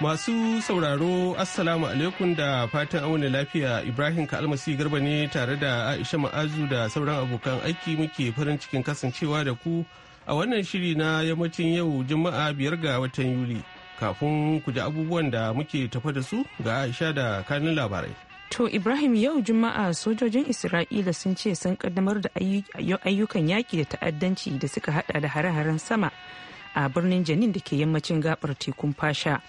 Masu sauraro Assalamu alaikum da fatan auna lafiya Ibrahim Kalmasi Garba ne tare da Aisha Ma'azu da sauran abokan aiki muke farin cikin kasancewa da ku a wannan shiri na yammacin yau Juma'a biyar ga watan Yuli. Kafin ku ji abubuwan da muke tafa da su ga Aisha da kanin labarai. To Ibrahim yau Juma'a sojojin Isra'ila sun ce sun kaddamar da ayyukan yaki da ta'addanci da suka hada da hare-haren sama a birnin Janin da ke yammacin gabar tekun Fasha.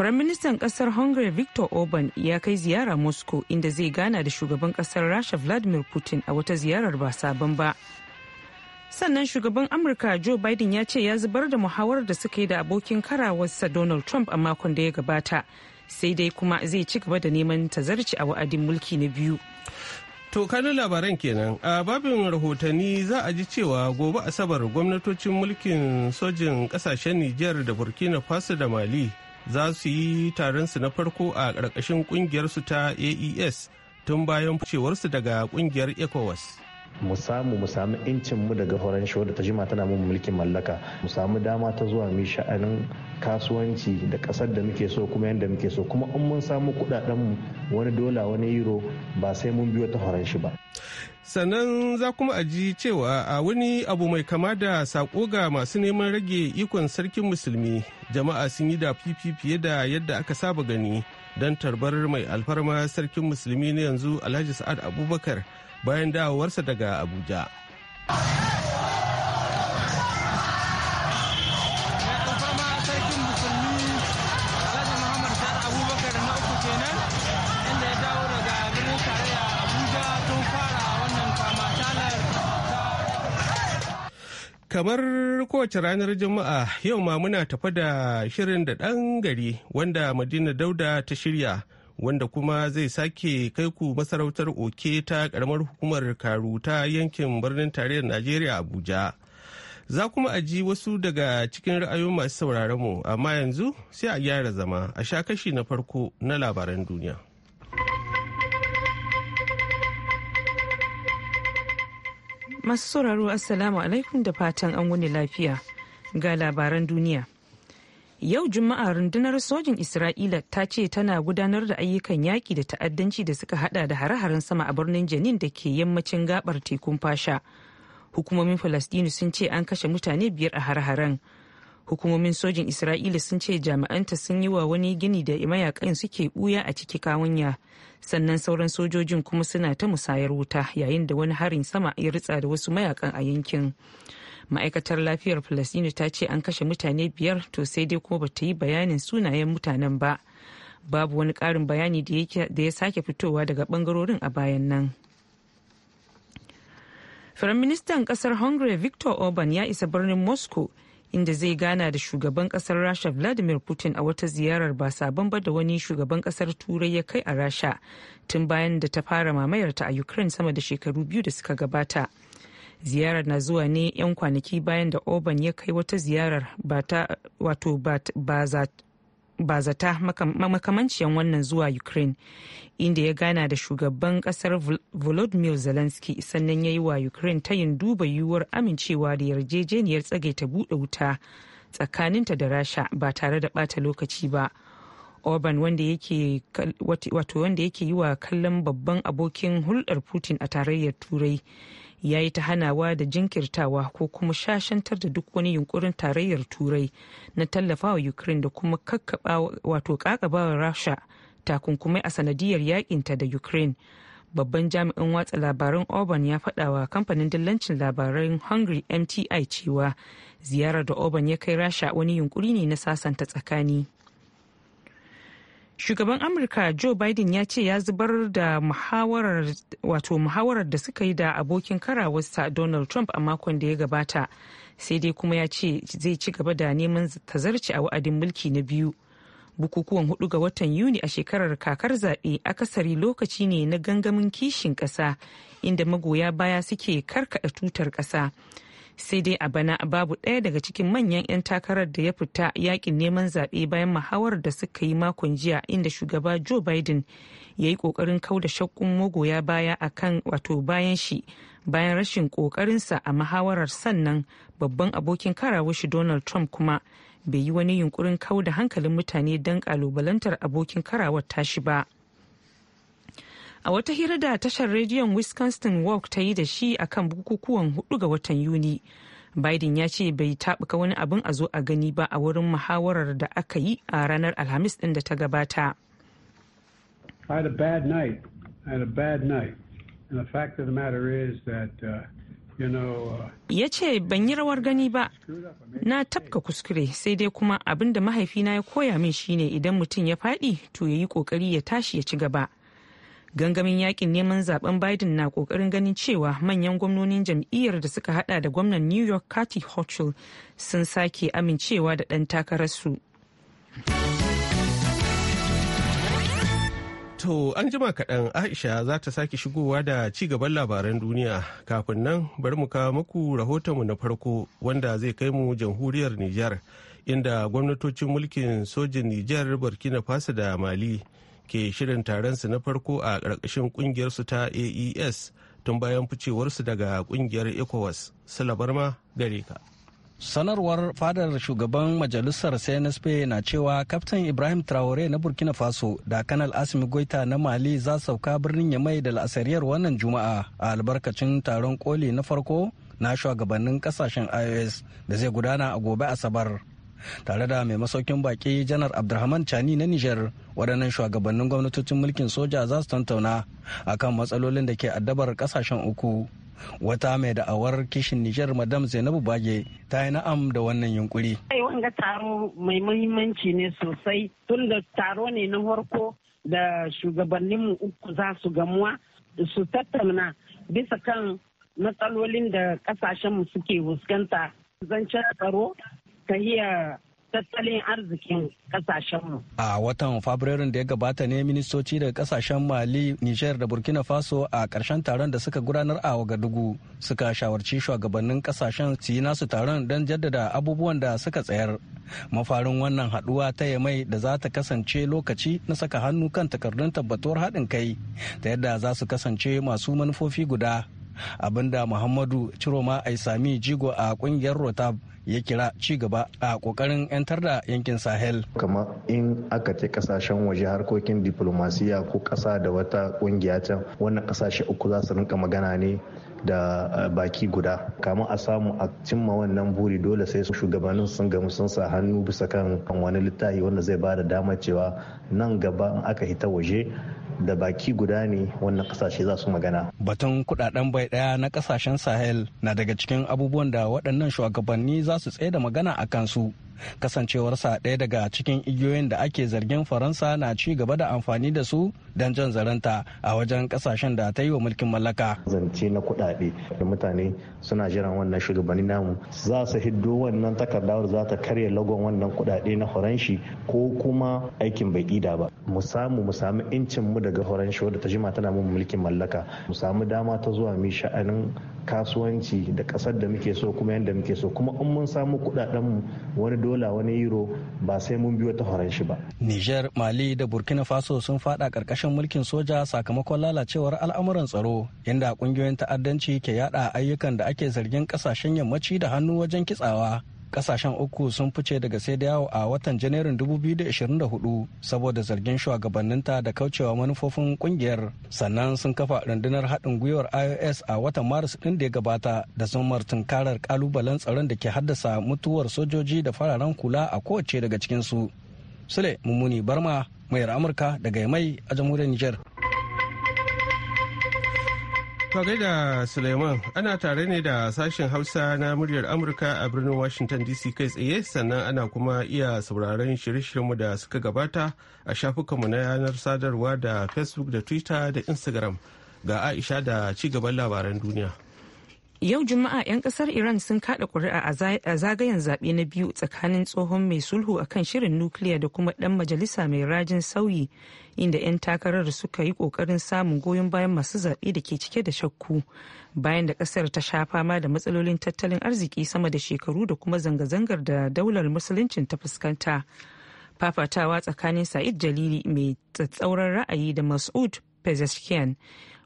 Firaministan kasar Hungary Viktor Orban ya kai ziyara Moscow inda zai gana da shugaban kasar Rasha Vladimir Putin a wata ziyarar ba sabon ba. Sannan shugaban Amurka Joe Biden ya ce ya zubar da muhawarar da suka yi da abokin karawarsa Donald Trump a makon da ya gabata. Sai dai kuma zai ci gaba da neman tazarci a wa'adin mulki na biyu. To kanin labaran kenan a babin rahotanni za a ji cewa gobe asabar gwamnatocin mulkin sojin kasashen Nijar da Burkina Faso da Mali za su yi taronsu na farko a ƙarƙashin ƙungiyarsu ta aes tun bayan ficewarsu daga ƙungiyar ecowas mu samu mu samu incin mu daga horon shi da ta jima tana mu mulkin mallaka mu samu dama ta zuwa mu sha'anin kasuwanci da kasar da muke so kuma yadda muke so kuma in mun samu kudaden mu wani dola wani euro ba sai mun biyo ta horon shi ba sannan za kuma a ji cewa a wani abu mai kama da sako ga masu neman rage ikon sarkin musulmi jama'a sun yi da fifi fiye da yadda aka saba gani don tarbar mai alfarma sarkin musulmi na yanzu alhaji sa'ad abubakar bayan dawowarsa daga abuja Kamar kowace ranar Juma'a yau ma muna tafa da shirin da ɗan gari wanda Madina Dauda ta shirya wanda kuma zai sake kai ku masarautar Oke ta karamar hukumar Karu ta yankin birnin tarayyar Najeriya Abuja. Za kuma a ji wasu daga cikin ra'ayoyin masu sauraron mu amma yanzu sai a gyara zama a sha kashi na farko na labaran duniya. Masu sauraro Assalamu alaikum da fatan an wuni lafiya ga labaran duniya. Yau Juma'a rundunar sojin Isra'ila ta ce tana gudanar da ayyukan yaƙi da ta'addanci da suka hada da hare-haren sama a birnin Janin da ke yammacin gabar tekun fasha. Hukumomin Falastinu sun ce an kashe mutane biyar a hare-haren. hukumomin sojin isra'ila sun ce jami'anta sun yi wa wani gini da mayakan suke buya a ciki kawunya sannan sauran sojojin kuma suna ta musayar wuta yayin da wani harin sama ya ritsa da wasu mayakan a yankin ma'aikatar lafiyar falasini ta ce an kashe mutane biyar to sai dai kuma bata yi bayanin sunayen mutanen ba babu wani ƙarin bayani da ya sake fitowa daga bangarorin a bayan nan Firaministan kasar Hungary victor Orban ya isa birnin Moscow inda zai gana da shugaban kasar rasha vladimir putin a wata ziyarar ba sabon ba da wani shugaban kasar turai ya kai a rasha tun bayan da ta fara mamayarta a ukraine sama da shekaru biyu da suka gabata ziyarar na zuwa ne 'yan kwanaki bayan da oban ya kai wata ziyarar ba ba zata makamanciyan wannan zuwa ukraine inda ya gana da shugaban kasar volodymyr zelensky sannan ya yi wa ukraine ta yin duba yiwuwar amincewa da yarjejeniyar tsage ta bude wuta tsakaninta da rasha ba tare da bata lokaci ba orban wanda yake yi wa kallon babban abokin hulɗar putin a tarayyar turai ya yi ta hanawa da jinkirtawa ko kuma shashantar da duk wani yunkurin tarayyar turai na tallafawa ukraine da kuma wato kakabawa rasha takunkumai a sanadiyar yakinta da ukraine babban jami'in watsa labaran auburn ya faɗawa kamfanin dillancin labaran hungary mti cewa ziyarar da auburn ya kai rasha wani yunkuri ne na sasanta tsakani shugaban amurka joe biden ya ce ya zubar da muhawarar wato muhawarar da suka yi da abokin karawarsa donald trump a makon da ya gabata sai dai kuma ya ce zai ci gaba da neman tazarci a wa'adin mulki na biyu bukukuwan hudu ga watan yuni a shekarar kakar zaɓe akasari lokaci ne na gangamin kishin ƙasa inda magoya baya suke karkaɗa tutar ƙasa sai dai a bana babu ɗaya daga cikin manyan 'yan takarar da ya fita yakin neman zaɓe bayan muhawarar da suka yi makon jiya inda shugaba joe biden ya yi ƙoƙarin kauda shakkun magoya baya a kan wato bayan shi bayan rashin ƙoƙarinsa a mahawarar sannan babban abokin karawar shi donald trump kuma bai yi wani yunkurin da hankalin mutane don ƙalubalantar abokin karawar tashi ba. a wata hira da tashar rediyon wisconsin walk ta yi da shi a kan bukukuwan hudu ga watan yuni biden ya ce bai taɓuka wani abin a zo a gani ba a wurin muhawarar da aka yi a ranar alhamis ɗin da ta gabata uh, uh, ya ce ban yi rawar gani ba na tafka kuskure sai dai kuma abin da mahaifina ya koya min shine idan mutum ya faɗi to ya yi ƙoƙari ya tashi ya ci gaba gangamin yakin neman zaben biden na kokarin ganin cewa manyan gwamnonin jam'iyyar da suka hada da gwamnan new york kati hochul sun sake amincewa da dan takararsu to an jima kaɗan aisha za ta sake shigowa da ci gaban labaran duniya kafin nan bari mu kawo muku rahotonmu na farko wanda zai kai mu jamhuriyar niger inda gwamnatocin mulkin sojin niger burkina faso da mali ke shirin taronsu na farko a ƙarƙashin ƙungiyarsu ta aes tun bayan ficewarsu daga ƙungiyar ecowas salabarma ma gare ka sanarwar fadar shugaban majalisar cnsp na cewa kaftan ibrahim traore na burkina faso da kanal asimi goita na mali za sauka birnin ya mai da la'asariyar wannan juma'a a albarkacin taron koli na farko na shugabannin kasashen ios da zai gudana a gobe asabar tare da mai masaukin baki janar abdulrahman chani na niger waɗannan shugabannin gwamnatocin mulkin soja za su tantauna akan matsalolin da ke addabar ƙasashen uku wata mai da'awar kishin niger madam zainabu bage ta yi na'am da wannan yunkuri. wanga taro mai muhimmanci ne sosai tun da taro ne na farko da shugabannin mu uku za su gamuwa su tattauna bisa kan matsalolin da kasashen mu suke fuskanta zancen tsaro tahiyar tattalin arzikin kasashenmu. A watan Fabrairun da ya gabata ne ministoci daga kasashen Mali, Nijar da Burkina Faso a ƙarshen taron da suka gudanar a Wagadugu suka shawarci shugabannin kasashen su yi nasu taron don jaddada abubuwan da suka tsayar. Mafarin wannan haɗuwa ta yamai da za ta kasance lokaci na saka hannu kan takardun tabbatuwar haɗin kai ta yadda za su kasance masu manufofi guda abinda muhammadu ciroma aisami jigo a ƙungiyar rotab ya kira ci gaba a kokarin 'yantar da yankin sahel kamar in aka ce kasashen waje harkokin diplomasiya ko kasa da wata kungiya can wannan kasashe uku za su rinka magana ne da eh, baki guda kama a samu a cimma wannan buri dole sai shugabannin sun gamu sun sa hannu bisa kan wani littafi wanda zai ba da damar cewa nan gaba in aka hita waje da baki guda ne wannan kasashe za su magana. Batun kudaden bai daya na kasashen Sahel na daga cikin abubuwan da waɗannan shugabanni za su tsaye da magana a kansu. Kasancewarsa ɗaya daga cikin igiyoyin da ake zargin Faransa na ci gaba da amfani da su don jan zaranta a wajen kasashen da ta yi wa mulkin mallaka. Zance na kuɗaɗe da mutane suna jiran wannan shugabanni namu za su hiddo wannan takardar za ta karya lagon wannan kuɗaɗe na horanshi ko kuma aikin bai ida ba. Mu samu mu samu incin mu daga horanshi wadda ta jima tana mun mulkin mallaka mu samu dama ta zuwa mu sha'anin kasuwanci da ƙasar da muke so kuma yadda muke so kuma in mun samu kuɗaɗenmu wani dola wani euro ba sai mun biyo ta horanshi ba. Niger, Mali da Burkina Faso sun faɗa ƙarƙashin tashin mulkin soja sakamakon lalacewar al'amuran tsaro inda kungiyoyin ta'addanci ke yada ayyukan da ake zargin kasashen yammaci da hannu wajen kitsawa kasashen uku sun fice daga sai da yawo a watan janairun 2024 saboda zargin shugabanninta da kaucewa manufofin kungiyar sannan sun kafa rundunar haɗin gwiwar ios a watan maris ɗin da ya gabata da martin karar kalubalen tsaron da ke haddasa mutuwar sojoji da fararen kula a kowace daga cikinsu sule mummuni barma mayar amurka daga mai a jamhuriyar niger tare da Suleiman ana tare ne da sashen Hausa na muryar Amurka a birnin Washington DC kai tsaye sannan ana kuma iya sauraron shirye-shiryenmu da suka gabata a shafukanmu na yanar sadarwa da Facebook da Twitter da Instagram ga Aisha da ci gaban labaran duniya. Yau Juma'a 'yan kasar Iran sun kaɗa ƙuri'a a zagayen zaɓe na biyu tsakanin tsohon mai sulhu a kan shirin nukiliya da kuma ɗan majalisa mai rajin sauyi inda 'yan takarar suka yi ƙoƙarin samun goyon bayan masu zaɓe da ke cike da shakku bayan da ƙasar ta sha fama da matsalolin tattalin arziki sama da shekaru da kuma zanga-zangar da daular musuluncin ta fuskanta. Fafatawa tsakanin Sa'id Jalili mai tsatsauran ra'ayi da Mas'ud Pezeshkian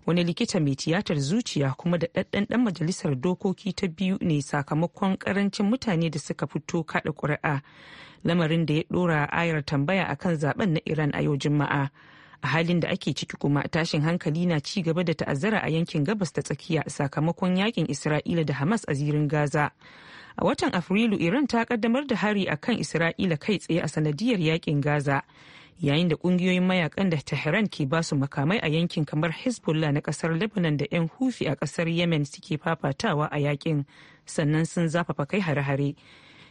wani likita mai tiyatar zuciya kuma da ɗaɗɗan ɗan majalisar dokoki ta biyu ne sakamakon ƙarancin mutane da suka fito kaɗa ƙuri'a lamarin da ya ɗora ayar tambaya akan zaben na iran a yau juma'a a halin da ake ciki kuma tashin hankali na ci gaba da ta'azzara a yankin gabas ta tsakiya sakamakon yakin isra'ila da hamas a zirin gaza a watan afrilu iran ta kaddamar da hari akan isra'ila kai tsaye a sanadiyar yakin gaza yayin da kungiyoyin mayakan da tehran ke basu makamai a yankin kamar hezbollah na kasar lebanon da 'yan hufi a kasar yemen suke fafatawa a yakin sannan sun zafafa kai hare-hare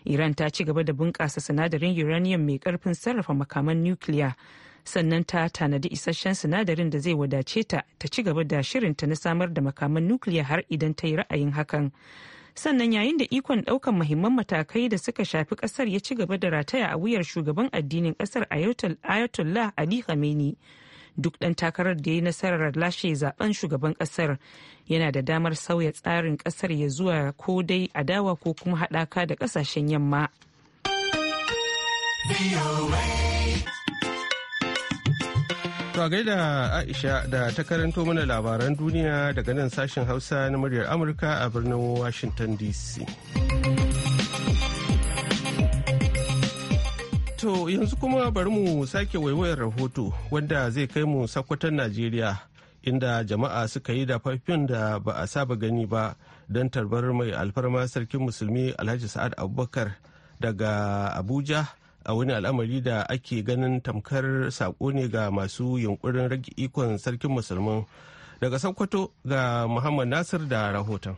iran ta ci gaba da bunƙasa sinadarin uranium mai ƙarfin sarrafa makaman nukiliya sannan ta tanadi isasshen sinadarin da zai wadace ta ta ci gaba da shirinta na samar da makaman nukiliya har idan ta yi ra'ayin hakan sannan yayin da ikon ɗaukan muhimman matakai da suka shafi ƙasar ya ci gaba da rataya a wuyar shugaban addinin ƙasar ayatollah ali khamenei duk ɗan takarar da ya yi nasarar lashe zaben shugaban ƙasar yana da damar sauya tsarin ƙasar ya zuwa ko dai adawa ko kuma hadaka da kasashen yamma. To gaida Aisha da ta karanto mana labaran duniya daga nan sashen Hausa na muryar Amurka a birnin Washington DC. To yanzu kuma bari mu sake waiwayar rahoto wanda zai kai mu sakwatan Najeriya inda jama'a suka yi fafin da ba a saba gani ba don tarbar mai alfarma sarkin musulmi Alhaji Sa'ad Abubakar daga Abuja a wani al'amari da ake ganin tamkar sako ne ga masu yunkurin rage ikon sarkin musulman daga sokoto ga muhammad nasir da rahoton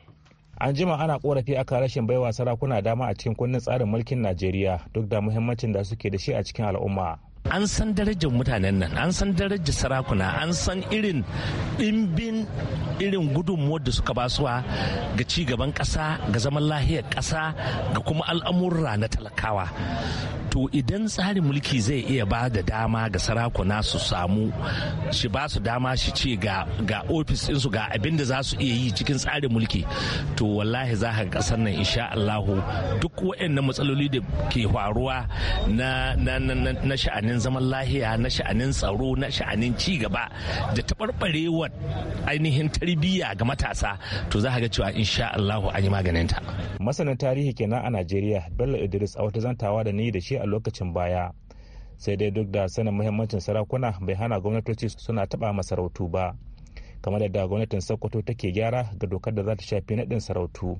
an jima ana korafi akan rashin baiwa sarakuna dama a cikin kundin tsarin mulkin najeriya duk da muhimmancin da suke da shi a cikin al'umma an san darajar mutanen nan an san darajar sarakuna an san irin ɗimbin irin gudunmuwar da suka basuwa ga ci gaban ƙasa ga zaman lahiyar ƙasa ga kuma al'amurra na talakawa to idan tsarin mulki zai iya ba da dama ga sarakuna su samu shi ba su dama shi ce ga ofis su ga abin da za su iya yi cikin tsarin mulki to wallahi za ka kasar nan insha Allahu duk waɗannan matsaloli da ke faruwa na sha'anin zaman lahiya na sha'anin tsaro na sha'anin ci gaba da taɓarɓarewar ainihin tarbiyya ga matasa to za ka ga cewa insha Allahu an yi ta. Masanin tarihi kenan a Najeriya Bello Idris a wata zantawa da ni da shi a a lokacin baya sai dai duk da sanin muhimmancin sarakuna bai hana gwamnatoci suna taɓa masarautu ba kamar da gwamnatin sokoto take gyara ga dokar da za ta shafi naɗin sarautu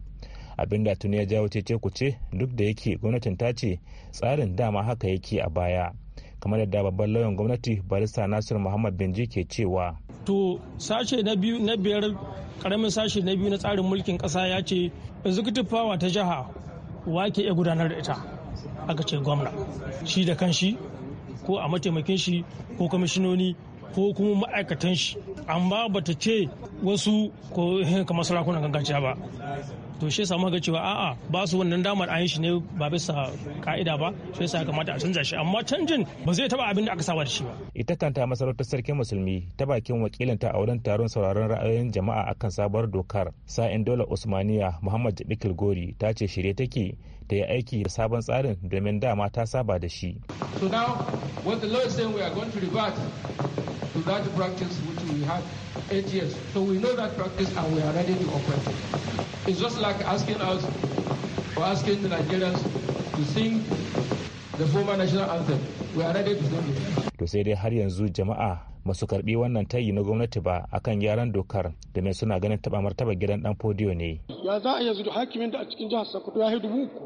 abin da tuni ya jawo cece kuce duk da yake gwamnatin ta ce tsarin dama haka yake a baya kamar da babban lauyan gwamnati barista nasir muhammad benji ke cewa to sashe na biyu na biyar karamin sashe na biyu na tsarin mulkin kasa ya ce executive power ta jiha wa ke iya gudanar da ita aka ce gwamna shi da kan shi ko a mataimakin shi ko kwamishinoni ko kuma ma'aikatan shi amma bata ce wasu ko kamar sarakunan gargajiya ba to shi samu ga cewa a'a ba su wannan damar an shi ne ba bisa ka'ida ba shi yasa kamata a canza shi amma canjin ba zai taba abin da aka saba da shi ba ita kanta masarautar sarkin musulmi ta bakin wakilinta a wurin taron sauraron ra'ayoyin jama'a akan sabuwar dokar sa'in dole usmaniya muhammad jibikil gori ta ce shirye take ta yi aiki da sabon tsarin domin dama ta saba da shi so now what the saying to that practice which we had eight years. So we know that practice and we are ready to operate it. It's just like asking us or asking the Nigerians to sing the former national anthem. We are ready to sing it. To sai dai har yanzu jama'a masu karbi wannan tayi na gwamnati ba akan gyaran dokar da mai suna ganin taba martaba gidan dan podio ne. Ya za a yanzu da hakimin da a cikin jihar Sokoto ya dubu uku.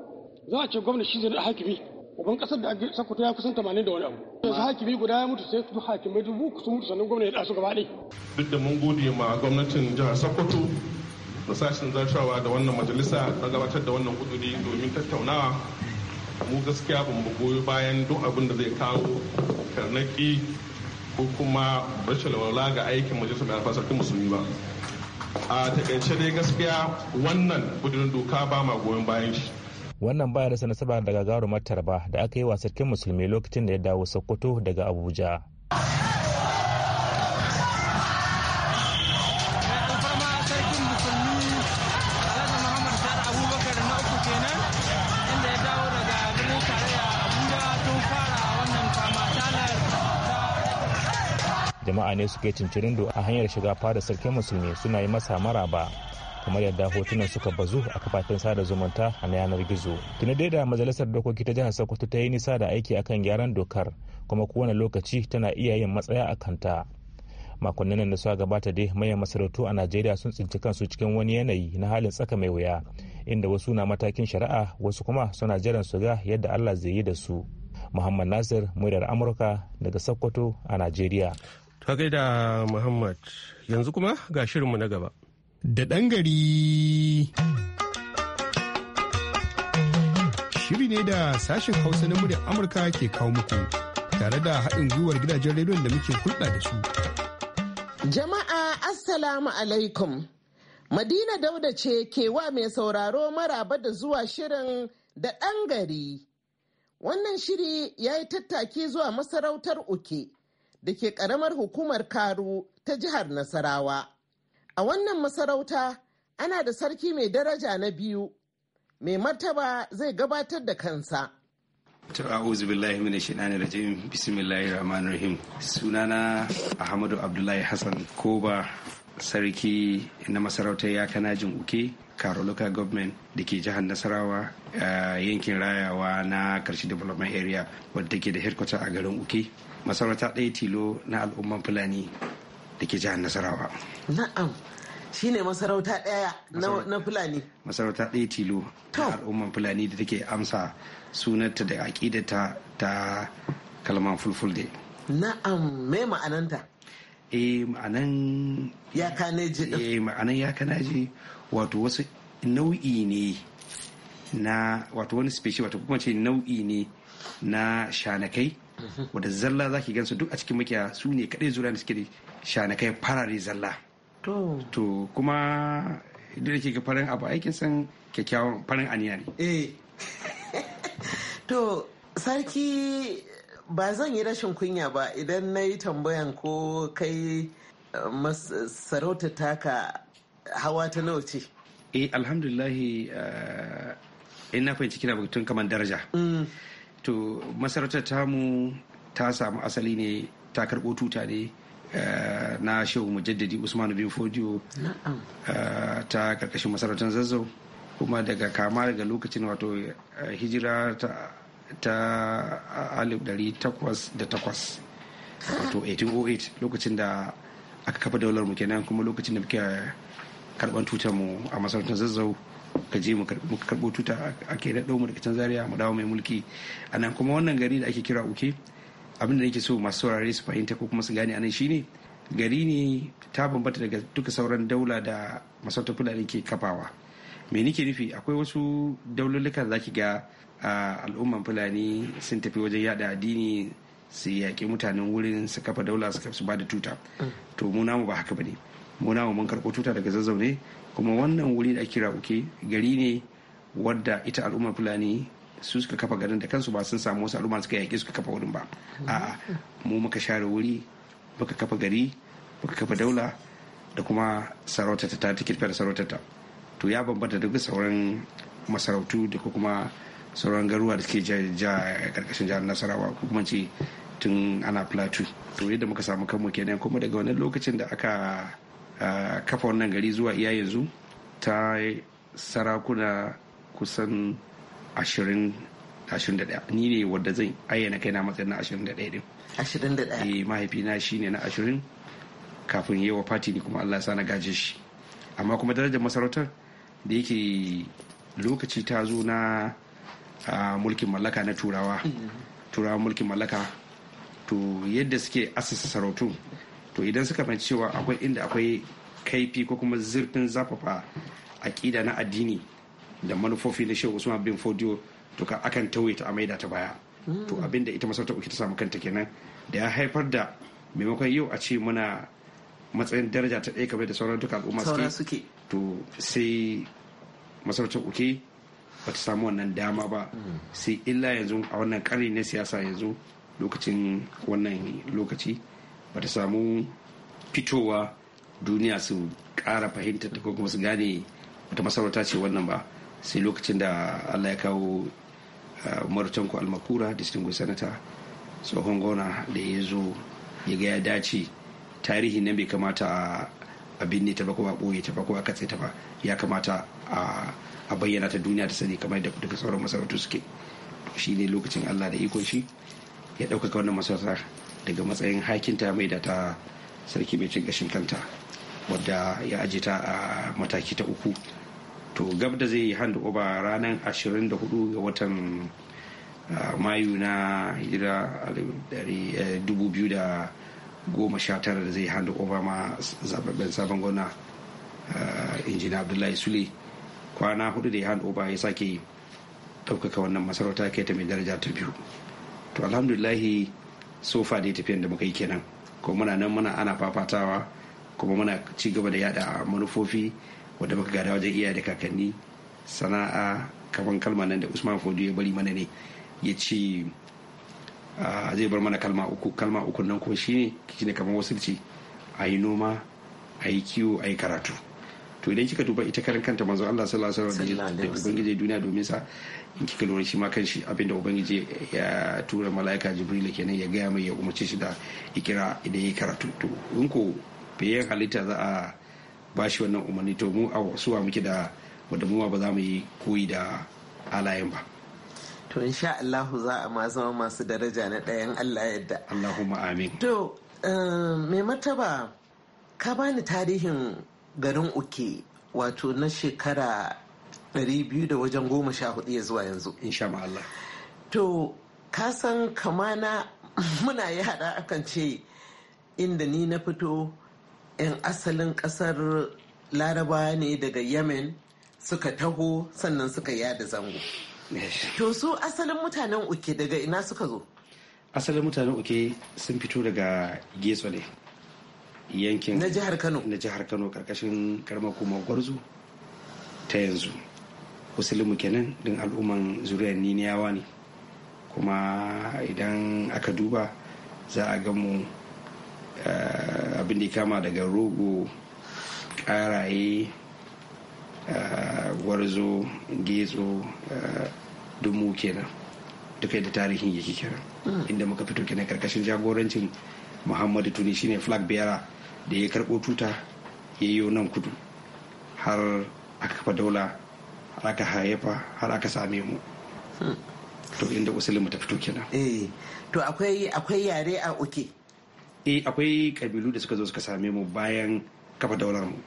Za a ce gwamnati shi zai da hakimi. uban kasar da ake sakuta ya kusan tamanin da wani abu yanzu hakimi guda ya mutu sai su hakimai dubu sun mutu sannan gwamnati ya su gaba duk da mun gode ma gwamnatin jihar sokoto da sashen zartawa da wannan majalisa na gabatar da wannan kuduri domin tattaunawa mu gaskiya ban mu goyi bayan duk abin da zai kawo karnaki ko kuma rashin walwala ga aikin majalisar mai alfasarkin musulmi ba a takaice dai gaskiya wannan kudurin doka ba ma goyon bayan shi wannan baya rasa nasaba daga garumar tarba da aka yi wa sarkin musulmi lokacin da ya dawo sokoto daga abuja jama'a ne suke cincirindo a hanyar shiga fada sarkin musulmi suna yi masa maraba kamar yadda hotunan suka bazu a kafafen sada zumunta a na yanar gizo tuni dai da majalisar dokoki ta jihar sokoto ta yi nisa da aiki akan gyaran dokar kuma kowane lokaci tana iya yin matsaya a kanta makonnin da suka gabata dai mayan masarautu a najeriya sun tsinci kansu cikin wani yanayi na halin tsaka mai wuya inda wasu na matakin shari'a wasu kuma suna jiran su ga yadda allah zai yi da su muhammad nasir muryar amurka daga sokoto a najeriya ta gaida muhammad yanzu kuma ga shirinmu na gaba da ɗan gari. Shiri ne da sashen Hausa na muryar Amurka ke kawo muku tare da haɗin gwiwar gidajen rediyon da muke kulɗa da su. Jama'a Assalamu alaikum. Madina Dauda ce ke wa mai sauraro maraba da zuwa shirin da ɗan gari. Wannan shiri ya yi tattaki zuwa masarautar Uke da ke ƙaramar hukumar Karu ta jihar Nasarawa. A wannan masarauta ana da sarki mai daraja na biyu, mai martaba zai gabatar da kansa. To a'udhu billahi minash shaitani rajim. Bismillahir rahman rahim. Sunana Ahmadu Abdullahi Hassan Koba sarki na masarautar Yakanajin Uke Karo Local Government da ke jihar Nasarawa yankin rayawa na karshe development area wadda ke da hirkwata a garin Uke. Masarauta ɗaya tilo na al'umman Fulani da ke jihar nasarawa na'am shi ne masarauta ɗaya na fulani masarauta ɗaya tilo ta al'umman fulani da take amsa sunanta da aƙidata ta kalman fulfulde na'am me ma'ananta eh ma'anan ya ji. eh ma'anan ya ji wato wasu nau'i ne na wato wani speci wato kuma ce nau'i ne na shanakai mhm. wadda zalla za ki gansu duk a cikin makiya su ne kaɗai zura da suke shanakai farare zalla to kuma duk da ke farin abu aikin san kyakkyawan farin aniya ne eh. to sarki ba zan yi rashin kunya ba idan na yi tambayan ko kai eh, sarauta taka hawa ta nawa ce eh alhamdulillahi eh, in na fahimci kina bukatun kamar daraja mm. to masarautar tamu ta samu asali ne ta karɓo tuta ne Eh, na shehu mujaddadi usman bin fodiyo eh, ta karkashin masarautar zazzau kuma daga kama daga lokacin wato eh, hijira ta alif dari takwas da takwas wato 1808 lokacin da aka kafa daular mu kenan kuma lokacin da muke karban tutar mu a masarautar zazzau ka je mu karbo tuta ake daɗo mu daga can zaria mu dawo mai mulki a nan kuma wannan gari da ake kira uke abin da nake so masu saurare su fahimta ko kuma su gane anan shine gari ne ta bambanta daga duka sauran daula da masautar fulani ke kafawa me nake nufi akwai wasu daulolluka da zaki ga al'umman fulani sun tafi wajen yada addini su yaƙi mutanen wurin su kafa daula su kafa su ba tuta to mu namu ba haka bane mu namu mun karɓo tuta daga zazzaune kuma wannan wuri da ake rauke gari ne wadda ita al'ummar fulani su suka kafa garin da kansu ba sun samu wasu al'umma suka yaƙi suka kafa wurin ba a'a mu muka share wuri muka kafa gari muka kafa daula da kuma sarautata ta ta kirfe da to ya bambanta duk sauran masarautu da kuma sauran garuwa da suke ja karkashin jihar nasarawa ko kuma ce tun ana plateau to yadda muka samu kanmu kenan kuma daga wani lokacin da aka kafa wannan gari zuwa iya yanzu ta sarakuna kusan ashirin 21 ni ne wadda zai ayyana kai na matsayin na 21 din 21 eh mahaifina shine na 20 kafin yi wa fati ne kuma Allah sana sa na gaje shi amma kuma darajar masarautar da yake lokaci ta zo na mulkin mallaka na turawa mm. turawa mulkin mallaka to yadda suke asasa sarautu to idan suka fahimci cewa akwai inda akwai kaifi ko kuma zurfin zafafa aƙida na addini da manufofi na shehu usman bin fodiyo to ka akan tawaye ta a maida ta baya to mm. abin ita masarautar uku ta samu kanta kenan da ya haifar da maimakon yau a ce muna matsayin daraja ta ɗaya kamar da sauran duka al'umma suke to sai masarautar uke ba ta samu wannan dama ba mm. sai illa yanzu a wannan ƙari na siyasa yanzu lokacin wannan lokaci ba ta samu fitowa duniya su ƙara fahimta da kuma su gane wata masarauta ce wannan ba sai lokacin da allah ya kawo uh, marutanku almakura distinguished senator tsohon gona da ya zo ya ga ya dace tarihi nan bai kamata a binne ta ba ko a ɓoye ta ba ko a katse ta ba ya kamata a bayyana ta duniya ta sani kamar da duka sauran masarautu suke shi ne lokacin allah da ikon shi ya ɗaukaka wannan masarautar daga matsayin hakinta mai da ta sarki mai cin gashin kanta wadda ya aje ta a mataki ta uku to gab da zai hand over ranar 24 ga watan ah, mayu na hijira 2019 eh, da zai hand over ma zababben sabon gwamna ah, injin abdullahi sule kwana hudu da ya hand over ya sake ɗaukaka wannan masarauta kai ta mai daraja ta biyu to alhamdulillahi sofa ya tafiyan da muka yi kenan kuma muna nan muna ana fafatawa kuma muna ci gaba da yada manufofi wanda muka gada wajen iyaye da kakanni sana'a kaman kalma nan da usman fodu ya bari mana ne ya ce ah, zai bar mana kalma uku kalma uku nan kuma shine ne kamar wasulci a yi noma a yi kiwo a yi karatu to idan kika duba ita karin kanta manzo Allah sallallahu alaihi wasallam da ubangiji duniya domin sa in kika lura shi ma kanshi abinda ubangiji ya tura malaika jibril kenan ya gaya mai ya umarci shi da ikira idan ya karatu to in ko bayan halitta za a ba shi wannan umarni to mu a suwa muke da wadamuwa ba za mu yi koyi da halayen ba to insha Allahu za a ma zama masu daraja na ɗayan Allah yadda Allahumma amin to eh, mai mataba ka bani tarihin garin uke wato na shekara 200 da wajen goma sha hudu ya zuwa yanzu insha Allah to ka san kamana muna yara akan ce inda ni na fito 'yan asalin kasar larabawa ne daga yemen suka taho sannan suka yada zango to su asalin mutanen uke daga ina suka zo asalin mutanen uke sun fito daga getso ne yankin na jihar kano na jihar kano karkashin karma kuma gwarzo ta yanzu musulmi kenan din al'umman zuriyar niniyawa ne kuma idan aka duba za a ga mu Eh, abin da kama daga rogo karaye eh, gwarzo getso eh, dumu kenan duka da tarihin yake kenan hmm. inda muka fito kenan karkashin jagorancin muhammadu tuni shine flag bearer da ya karɓo tuta ya yi nan kudu har aka kafa daula har aka hayafa har aka same mu hmm. to inda usulin mu ta fito kenan to akwai akwai yare a oke eh akwai kabilu da suka zo suka same mu bayan kafa daular mu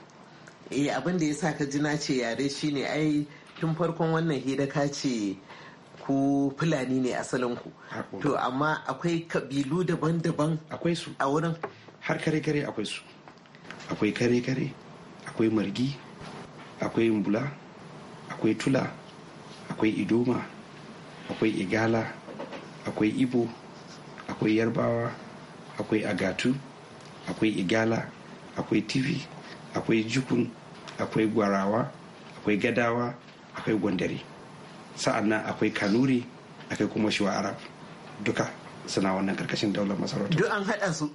eh abin da yasa ka ji ce yare shine ai tun farkon wannan hira ka ce ku fulani ne asalin ku to amma akwai kabilu daban-daban akwai su a wurin har kare-kare akwai su akwai kare-kare akwai margi akwai mbula akwai tula akwai idoma akwai igala akwai ibo akwai yarbawa akwai agatu akwai igala akwai tivi akwai jukun akwai gwarawa akwai gadawa akwai gwandare sa'annan akwai kanuri akwai kuma shiwa arab duka suna wannan karkashin daular masarautar duk an haɗa su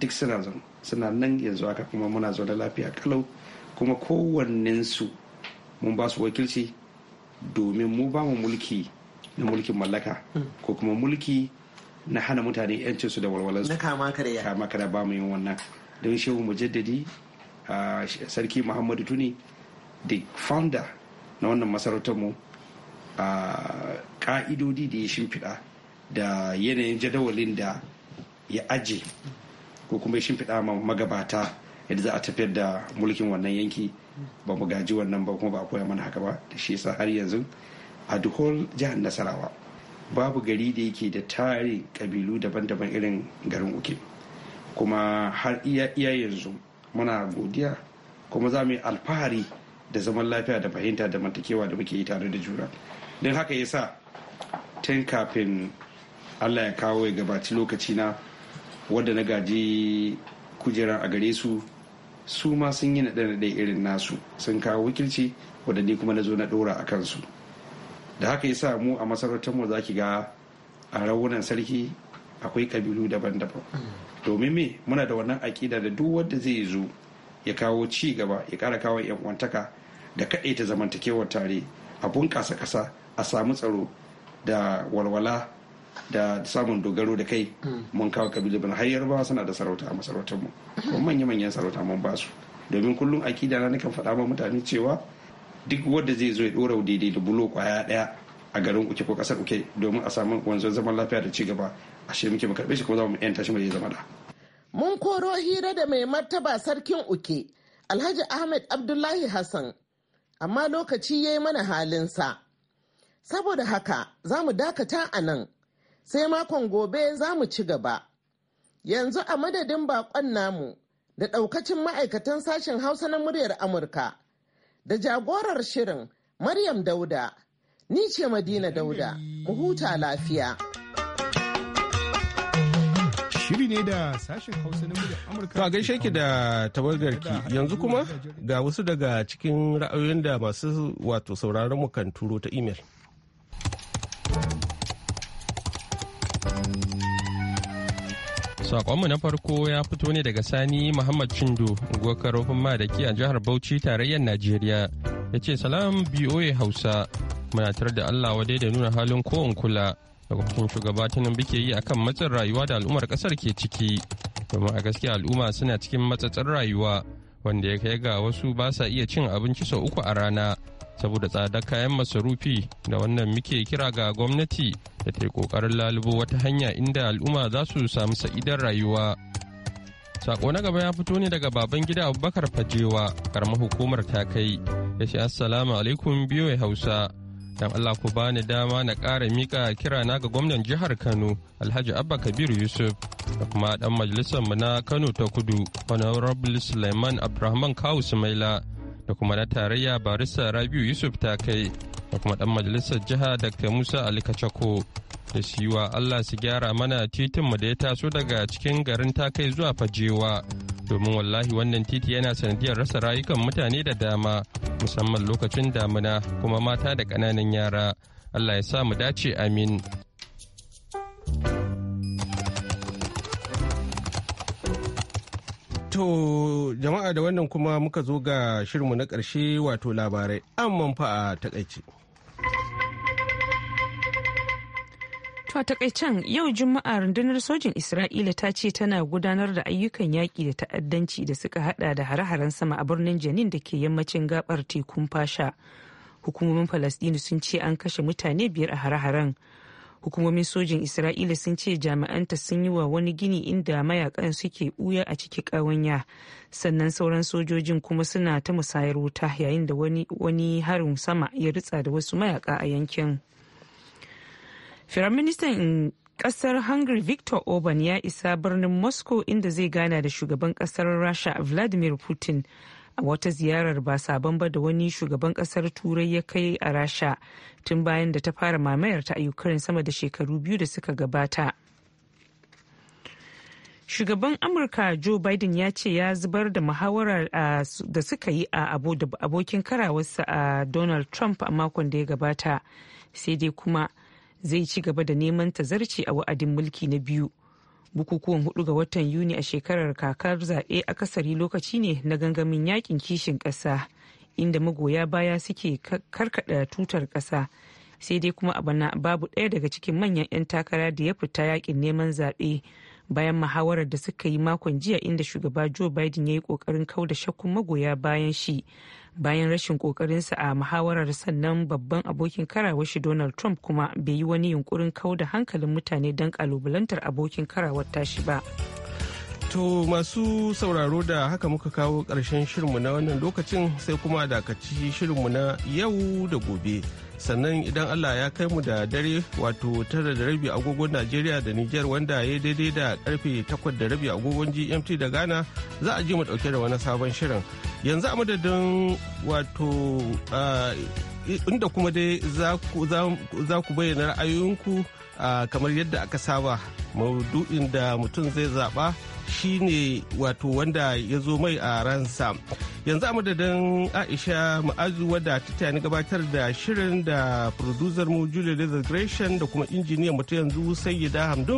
duk suna zan suna nan yanzu haka kuma muna zaune lafiya kalau kuma su mun ba su wakilci domin mu ba mu mulki na mulkin mallaka hmm. ko kuma mulki na hana mutane yancin su da walwalansu na kama karya kama karya ba mu yin wannan don shehu mujaddadi sarki muhammadu tuni the founder na wannan masarautar mu ka'idodi da ya shimfiɗa da yanayin jadawalin da ya aje ko kuma ya shimfiɗa magabata yadda za a tafiyar da mulkin wannan yanki ba mu gaji wannan ba kuma ba a koya mana haka ba da shi yasa har yanzu a duk jihar nasarawa babu gari da yake da tare kabilu daban-daban irin garin uke kuma har iya yanzu muna godiya kuma za mu yi alfahari da zaman lafiya da fahimta da mantakewa da muke yi tare da juna don haka ya sa tun kafin allah ya kawo ya gabaci lokaci na wadda na gaji kujera a gare su su ma sun yi naɗe-naɗe irin nasu sun kawo wakilci wadda ni kuma na zo na ɗora a kansu da haka yasa mu a masarautar mu za ki ga a rawunan sarki akwai kabilu daban-daban domin me muna da wannan aƙida da duk wanda zai zo ya kawo ci gaba ya kara kawo yan da kaɗai ta zamantakewar tare a bunƙasa ƙasa a samu tsaro da walwala da samun dogaro da kai mun kawo kabilu ban har yarbawa suna da sarauta a masarautar mu kuma manya-manyan sarauta mun ba su domin kullum aƙida na nakan faɗa ma mutane cewa duk wanda zai zo ya dora daidai da bulo kwaya daya a garin uke ko kasar uke domin a samu wanzuwar zaman lafiya da cigaba a shi muke shi kuma za mu yanta shi mai zama da. mun koro hira da mai martaba sarkin uke alhaji ahmed abdullahi hassan amma lokaci ya yi mana halinsa saboda haka za mu dakata a nan sai makon gobe za mu ci gaba yanzu a madadin bakon namu da ɗaukacin ma'aikatan sashen hausa na muryar amurka da jagorar shirin Maryam Dauda. Ni ce Madina Dauda, mu huta lafiya. Shiri ne da sashen Hausa na Amurka. To gaishe ki da ki yanzu kuma ga wasu daga cikin ra'ayoyin da masu wato sauraron mu kan turo ta imel. Sakonmu na farko ya fito ne daga Sani Muhammad Chindo, ma da ke a jihar Bauchi tarayyar Najeriya. Ya ce salam BOA Hausa, muna tar da Allah wadai da nuna halin ko kula da gwamnatin shugaba tunan ke yi akan matsin rayuwa da al'ummar kasar ke ciki. Domin a gaskiya al'umma suna cikin matsatsar rayuwa wanda ya kai ga wasu ba sa iya cin abinci sau uku a rana saboda tsada kayan masarufi da wannan muke kira ga gwamnati da ta yi kokarin lalubo wata hanya inda al'umma za su samu sa'idar rayuwa sako na gaba ya fito ne daga baban gida abubakar fajewa karamar hukumar ta kai ya shi assalamu alaikum biyo hausa dan allah ku bani dama na ƙara mika kira na ga gwamnan jihar kano alhaji abba kabiru yusuf da kuma dan majalisar mu na kano ta kudu honorable suleiman abrahman kawu sumaila da kuma na tarayya barista rabiu yusuf ta kai da kuma dan majalisar jiha dr musa ali kachako da siwa allah su gyara mana titin mu da ya taso daga cikin garin ta kai zuwa fajewa domin wallahi wannan titi yana sanadiyar rasa rayukan mutane da dama musamman lokacin damina kuma mata da kananan yara allah ya sa mu dace amin To jama'a da wannan kuma muka zo ga shirinmu na ƙarshe wato labarai an manfa a takaice. To takaicen yau juma'a rundunar sojin Isra'ila ta ce tana gudanar da ayyukan yaƙi da ta'addanci da suka hada da hare-haren sama a birnin Janin da ke yammacin gabar tekun fasha. Hukumomin Falasɗinu sun ce an kashe mutane biyar a hare-haren. hukumomin sojin isra'ila sun ce jami'anta sun yi wa wani gini inda mayakan suke buya a ciki kawanya sannan sauran sojojin kuma suna ta musayar wuta yayin da wani harin sama ya ritsa da wasu mayaka a yankin firaministan kasar hungary victor orban ya isa birnin moscow inda zai gana da shugaban kasar rasha vladimir putin a wata ziyarar ba sabon ba da wani shugaban kasar turai ya kai a rasha tun bayan da ta fara mamayar ta a ukraine sama da shekaru biyu da suka gabata shugaban amurka joe biden ya ce ya zubar da muhawarar da suka yi a abokin karawarsa a donald trump a makon da ya gabata sai dai kuma zai ci gaba da neman tazarci a wa'adin mulki na biyu bukukuwan hudu ga watan yuni a shekarar kakar zaɓe a kasari lokaci ne na gangamin yakin kishin ƙasa inda magoya baya suke karkada tutar ƙasa sai dai kuma a bana babu ɗaya daga cikin manyan 'yan takara da ya fita yakin neman zaɓe bayan muhawarar da suka yi makon jiya inda shugaba joe biden ya yi kokarin kauda shakkun magoya bayan shi bayan rashin kokarinsa a muhawarar sannan babban abokin karawar shi donald trump kuma bai yi wani yunkurin kauda hankalin mutane don kalubalantar abokin karawar tashi ba To masu sauraro da haka muka kawo ƙarshen shirinmu na wannan lokacin sai kuma dakaci shirinmu na yau da gobe. sannan idan allah ya kai mu da dare wato tara da rabi agogon najeriya da niger wanda ya daidai da karfe takwas da rabi agogon gmt da ghana za a ji mu dauke da wani sabon shirin yanzu a madadin wato ah, inda kuma dai za ku bayyana ra'ayoyinku kamar yadda aka saba maudu'in da mutum zai zaɓa shine wato wanda ya zo mai a ransa yanzu a madadin aisha ma'azu wadda ta tani gabatar da shirin da producer mu julia da kuma injiniyan mutu yanzu sayyida hamdun